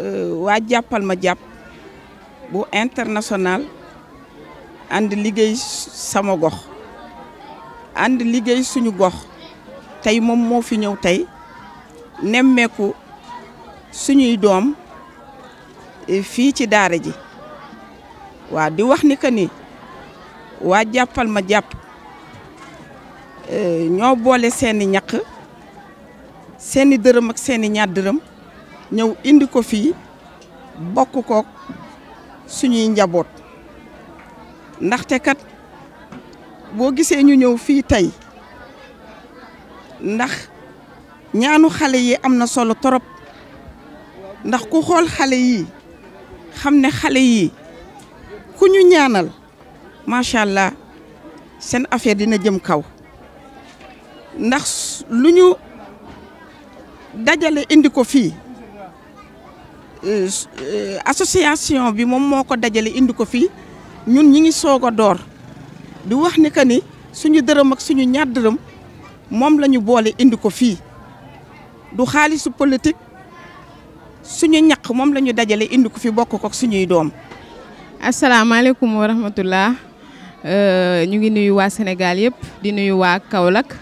Euh, waa jàppal ma jàpp bu international ànd liggéey sama gox ànd liggéey suñu gox tey moom moo fi ñëw tey nemmeeku suñuy doom eh, fii ci daara ji waa di wax ni que ni waa jàppal ma jàpp eh, ñoo boole seeni ñaq seeni dërëm ak seeni ñaar dërëm ñëw indi ko fii bokk kook suñuy njaboot ndaxte kat boo gisee ñu ñëw fii tey ndax ñaanu xale yi am na solo torop ndax ku xool xale yi xam ne xale yi ku ñu ñaanal macha allah seen affaire dina jëm kaw ndax lu ñu dajale indi ko fii Euh, association bi moom moo ko dajale indi ko fii ñun ñi ngi soog a door di wax ni que ni suñu dërëm ak suñu ñaar dërëm moom lañu boole indi ko fii du xaalisu politique suñu ñaq moom la ñu dajale indi ko fi bokk ko suñuy doom. asalaamaaleykum wa rahmatullah euh, ñu ngi nuyu waa Sénégal yëpp di nuyu waa Kaolack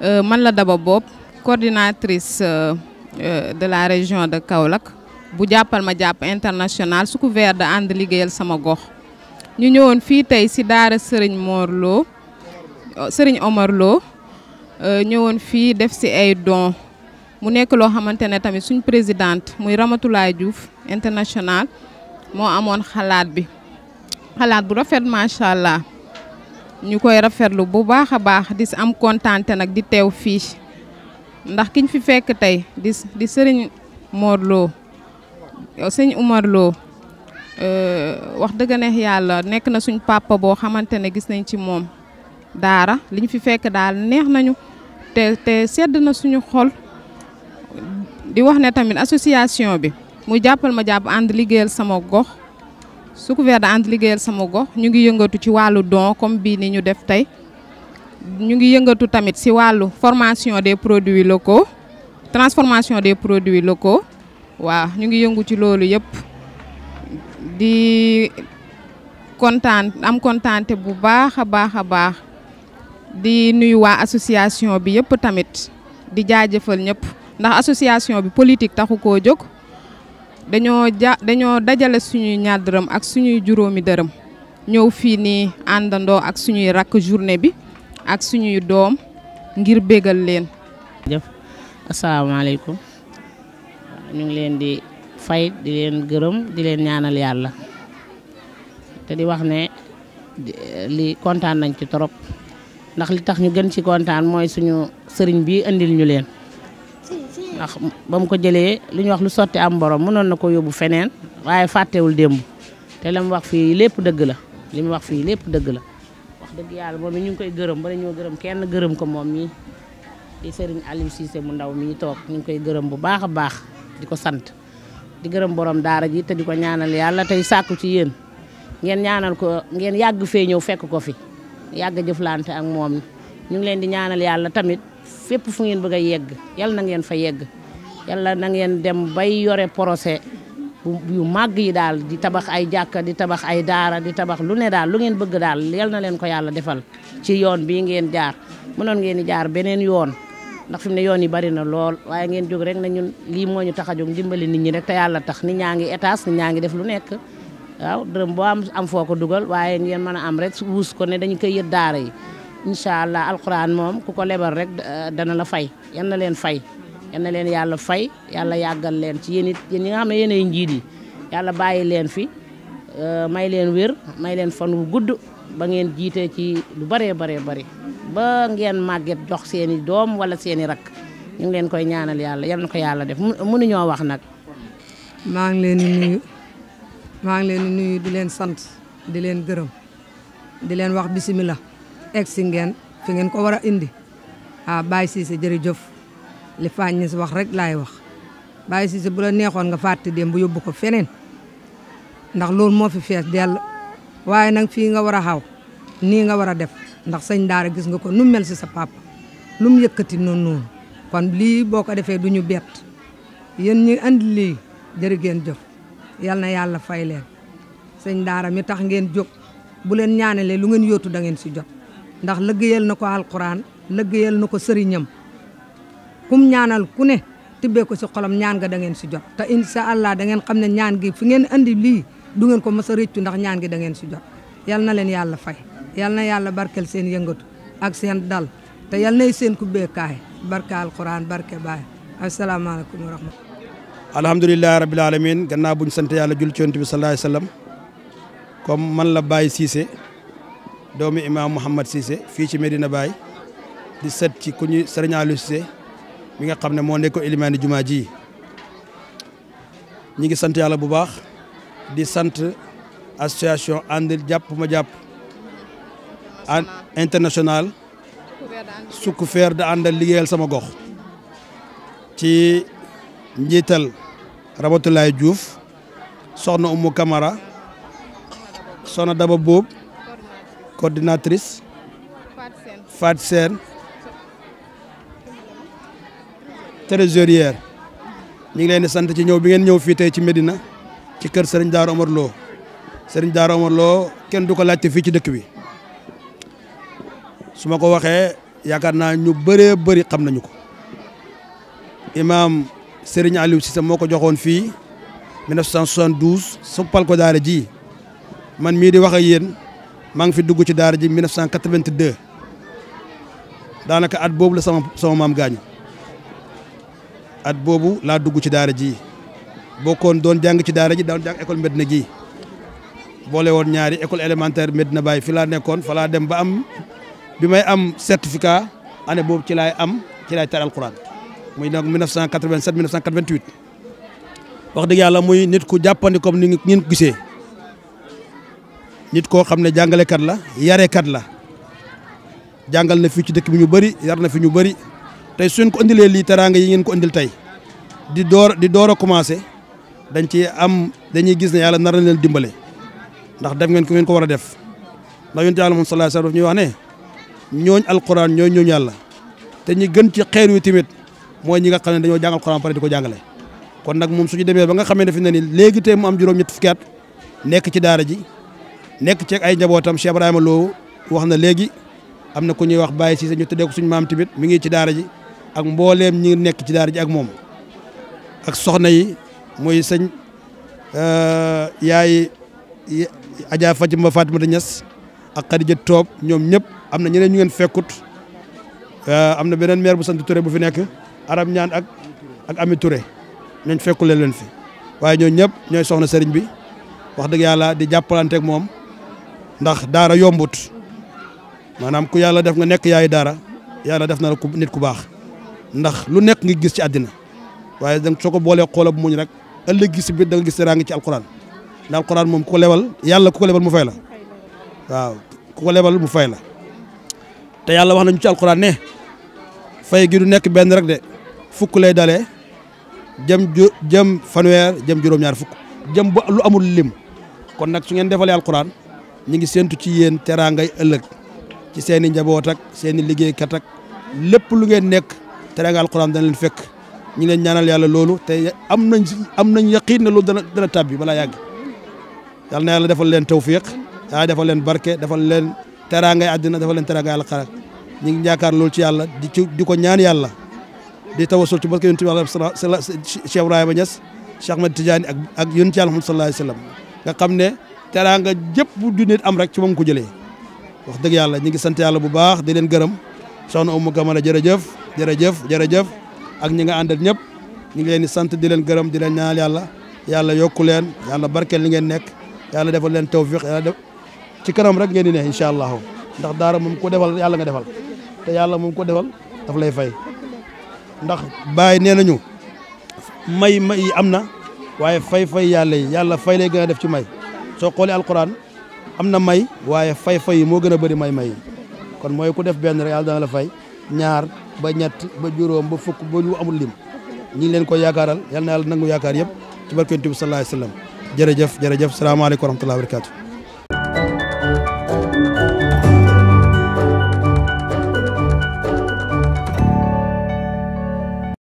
euh, man la Daba Bob coordinatrice de la région de Kaolack. bu jàppal ma jàpp international su couvert de ànd liggéeyal sama gox ñu ñëwoon fii tey si daara Serigne Mor Lo omarloo euh, Omar euh, ñëwoon fii def si ay don mu nekk loo xamante ne tamit suñ présidente muy Ramatoulaye Diouf international moo amoon xalaat bi xalaat bu rafet macha allah ñu koy rafetlu bu baax a baax di am kontante nag di teew fii ndax kiñ fi fekk tey di di Serigne Mor sëñ Umar Lo euh, wax dëgg neex yàlla nekk na suñ papa boo xamante ne gis nañ ci moom daara liñ fi fekk daal neex nañu te te sedd na suñu xol di wax ne tamit association bi muy jàppal ma jàpp ànd liggéeyal sama gox Sous-Couvert de ànd liggéeyal sama gox ñu ngi yëngatu ci wàllu donc comme bii ni ñu def tey ñu ngi yëngatu tamit si wàllu formation des produits locaux transformation des produits ko waaw ñu ngi yëngu ci loolu yëpp di kontaan am kontaante bu baax a baax a baax di nuyu waa association bi yëpp tamit di jaajëfal ñëpp ndax association bi politique taxu koo jóg dañoo ja dañoo dajale suñuy ñaar dërëm ak suñuy juróomi dërëm ñëw fii nii àndandoo ak suñuy rakk journée bi ak suñuy doom ngir bégal leen. asalaamaaleykum. ñu ngi leen di fay di leen gërëm di leen ñaanal yàlla te di wax ne li kontaan nañ ci torop ndax li tax ñu gën ci kontaan mooy suñu sëriñ bi andil ñu leen ndax ba mu ko jëlee lu ñu wax lu sotti am borom mënoon na ko yóbbu feneen waaye fàttewul démb te la mu wax fii lépp dëgg la li mu wax fii lépp dëgg la wax dëgg yàlla moom ñu ngi koy gërëm ba ñoo gërëm kenn gërëm ko moom mii di sëriñ Aliou Cissé mu ndaw mii toog ñu ngi koy gërëm bu baax a baax di ko sant di gërëm borom daara ji te di ko ñaanal yàlla tey sàkku ci yéen ngeen ñaanal ko ngeen yàgg fee ñëw fekk ko fi yàgg jëflante ak moom ñu ngi leen di ñaanal yàlla tamit fépp fu ngeen bëgg a yegg yàlla na ngeen fa yegg yàlla na ngeen dem bay yore procès yu màgg yi daal di tabax ay jàkka di tabax ay daara di tabax lu ne daal lu ngeen bëgg daal yal na leen ko yàlla defal ci yoon bii ngeen jaar noon ngeen di jaar beneen yoon ndax fimne mu bari na lool waaye ngeen jog rek na ñun li moo ñu tax dimbali nit ñi rek ta yalla tax nit ñaa étage nit ñaa def lu nekk waaw dërëm bo am am foko duggal dugal ngeen mëna am rek wuus ko ne dañu koy yëd daara yi inshallah alquran mom ku ko lebal rek eh, dana la fay yan na leen fay yan na leen yalla fay yalla yagal leen ci yeen it yéen nga xamne yeen ay njiit yi leen fi eh, may leen wër may leen fan wu gudd ba ngeen jité ci lu bare bare bare ba ngeen màgget jox seen i doom wala seen rak ñu ngi leen koy ñaanal yàlla yal def mënuñoo wax nak maa ngi leen di nuyu maa ngi leen di nuyu di leen sant di leen gërëm di leen wax bisimilah. egg si ngeen fi ngeen ko a indi ah Baye Cissé jërëjëf li Fagnes wax rek lay wax Baye Cissé bu la neexoon nga fàtte dem bu yóbbu ko feneen ndax loolu moo fi fees dell waaye nag fii nga nga def ndax sëñ daara gis nga ko nu mel ci sa papa num yëkëti non non kon li boko défé duñu bét yeen ñi andi li jërë gën jëf yal na yàlla fay leen sëñ daara mi tax ngeen jóg bu leen ñaanalé lu ngeen yotu da ngeen ci jot ndax lëggéeyal nako alquran lëggéeyal nako sëriñam kum ñaanal ku ne tibbee ko ci xolam ñaan nga da ngeen ci jot ta incha allah da ngeen xamné ñaan gi fi ngeen andi li du ngeen ko mësa a rëccu ndax ñaan gi da ngeen ci jot yal leen yalla fay yal na yàlla barkel seen yëngatu ak seen dal te yal nay seen kubbeekaay barke alquran barke baay asalaamaaleykum wa rahmatulah. alhamdulilah alamin gannaaw bu ñu sant yàlla jul ci yonent bi sallallahu alayhi wasallam man la Baye Cissé doomu imaam Mouhamed Cissé fii ci Medina Baye di set ci ku ñu Serigne mi nga xam ne moo nekkoon ilimaani jumaa ji ñi ngi sant yàlla bu baax di sant association ànd jàpp ma jàpp. international sukk feer da àndal liggéeyal sama gox ci njiital Rabatulaay juuf soxna Umu Kamara soxna Daba Boob coordinatrice Fat Seen trésorière ñu ngi leen di sant ci ñëw bi ngeen ñëw fii tey ci Médina ci kër Serigne Darou Omar Lo Serigne Darou kenn du ko laajte fii ci dëkk bi su ma ko waxee yaakaar naa ñu bëree bëri xam nañu ko imaam Serigne Aliou Cissé moo ko joxoon fii 1972 suppal ko daara ji man mii di wax ak yéen maa ngi fi dugg ci daara ji 1982 daanaka at boobu la sama sama maam gaañu at boobu laa dugg ci daara ji bokkoon doon jàng ci daara ji doon jàng école Medina gi boole woon ñaari école élémentaire Medina Baye fi laa nekkoon fa dem ba am bi may am certificat année boobu ci laay am ci laay tari alquran muy nag 1987 1988 wax dëgg yàlla muy nit ku jàppandi comme ni ngeen ko gisee nit koo xam ne jàngale jàngalekat la yarekat la jàngal na fii ci dëkk bi ñu bëri yar na fi ñu bëri tey suñ ko indilee lii teraanga yi ngeen ko indil tey di door di door a commencé dañ ci am dañuy gis ne yàlla nara na leen dimbale ndax def ngeen ko ko war a def ndax yonent yàlla moom sallallahu alayhi wa sallam daf ñuy wax ne ñooñ alquran ñooy ñooñu yàlla te ñi gën ci xeer wi tamit mooy ñi nga xam ne dañoo jàng alquran pare di ko jàngale kon nag moom suñu demee ba nga xamee ne fi ne ni léegi tey mu am juróom nekk ci daara ji nekk ci ay njabootam Cheikh Ibrahima Lo wax na léegi am na ku ñuy wax Baye Cissé ñu tuddee ko suñu maam tamit mi ngi ci daara ji ak mbooleem ñi nekk ci daara ji moom ak soxna yi muy sëñ euh, yaay Adja Fatima Fatima Niass ak Khadija Toob ñoom ñëpp am na ñeneen ñu ngeen fekkut euh, am na beneen maire bu sant Touré bu fi nekk Arab ñaan ak ak Ami Touré ñooñ fekkule leen fi waaye ñoo ñëpp ñooy soxna sëriñ bi wax dëgg yàlla di jàppalanteeg moom ndax daara yombut maanaam ku yàlla def nga nekk yaayu daara yàlla def na la ku nit ku baax ndax lu nekk nga gis ci àddina waaye donc soo ko boolee xoola bu muñ rek ëllëg gis si biir da nga gis teraanga ci alquran ndax alquran moom ku ko lewal yàlla ku ko mu fay la waaw ku lebal mu fay la te yàlla wax nañu ci alxuraan ne fay gi du nekk benn rek de fukk lay dale jëm ju jëm fanweer jëm juróom-ñaar fukk jëm ba lu amul lim kon nag su ngeen defalee alxuraan ñu ngi séntu ci yéen teraangay ëllëg ci seen i njaboot ak seen liggéeykat ak lépp lu ngeen nekk teraanga alxuraan dana leen fekk ñu ngi leen ñaanal yàlla loolu te am na am nañ yaqiin ne loolu dana dana tàbbi balaa yàgg yàlla na yàlla defal leen tawfiq yàlla ah, defal leen barke defal leen teraangay àddina defal leen teraangay àllaaxira ñu ngi yaakaar loolu ci yàlla di di ko ñaan yàlla di tawasul ci barke yonent bi Cheikh Ibrahima Niass Cheikh Ahmed Tidiane ak ak yonent ci yàlla Muhammad sallallahu alayhi wa sallam nga xam ne teraanga jëpp du nit am rek ci moom ko jëlee wax dëgg yàlla ñu ngi sant yàlla bu baax di leen gërëm soxna Oumou Camara jërëjëf jërëjëf jërëjëf ak ñi nga àndal ñëpp ñu ngi leen di sant di leen gërëm di leen ñaanal yàlla yàlla yokku leen yàlla barkeel li ngeen nekk yàlla defal leen tawfiq yàlla ci kanam rek ngeen di ne incha allahu ndax daara moom ko defal yàlla nga defal te yàlla moom ko defal dafa lay fay ndax bàyyi nee nañu may may yi am na waaye fay fay yàlla yi yàlla fay lay gën def ci may soo xoolee alquran am na may waaye fay fay moo gën a bëri may may kon mooy ku def benn rek yàlla la fay ñaar ba ñett ba juróom ba fukk ba lu amul lim ñu ngi leen ko yaakaaral yal na yàlla nangu yaakaar yëpp ci barke Yonent bi sallallahu alayhi wa sallam jërëjëf jërëjëf salaamaaleykum wa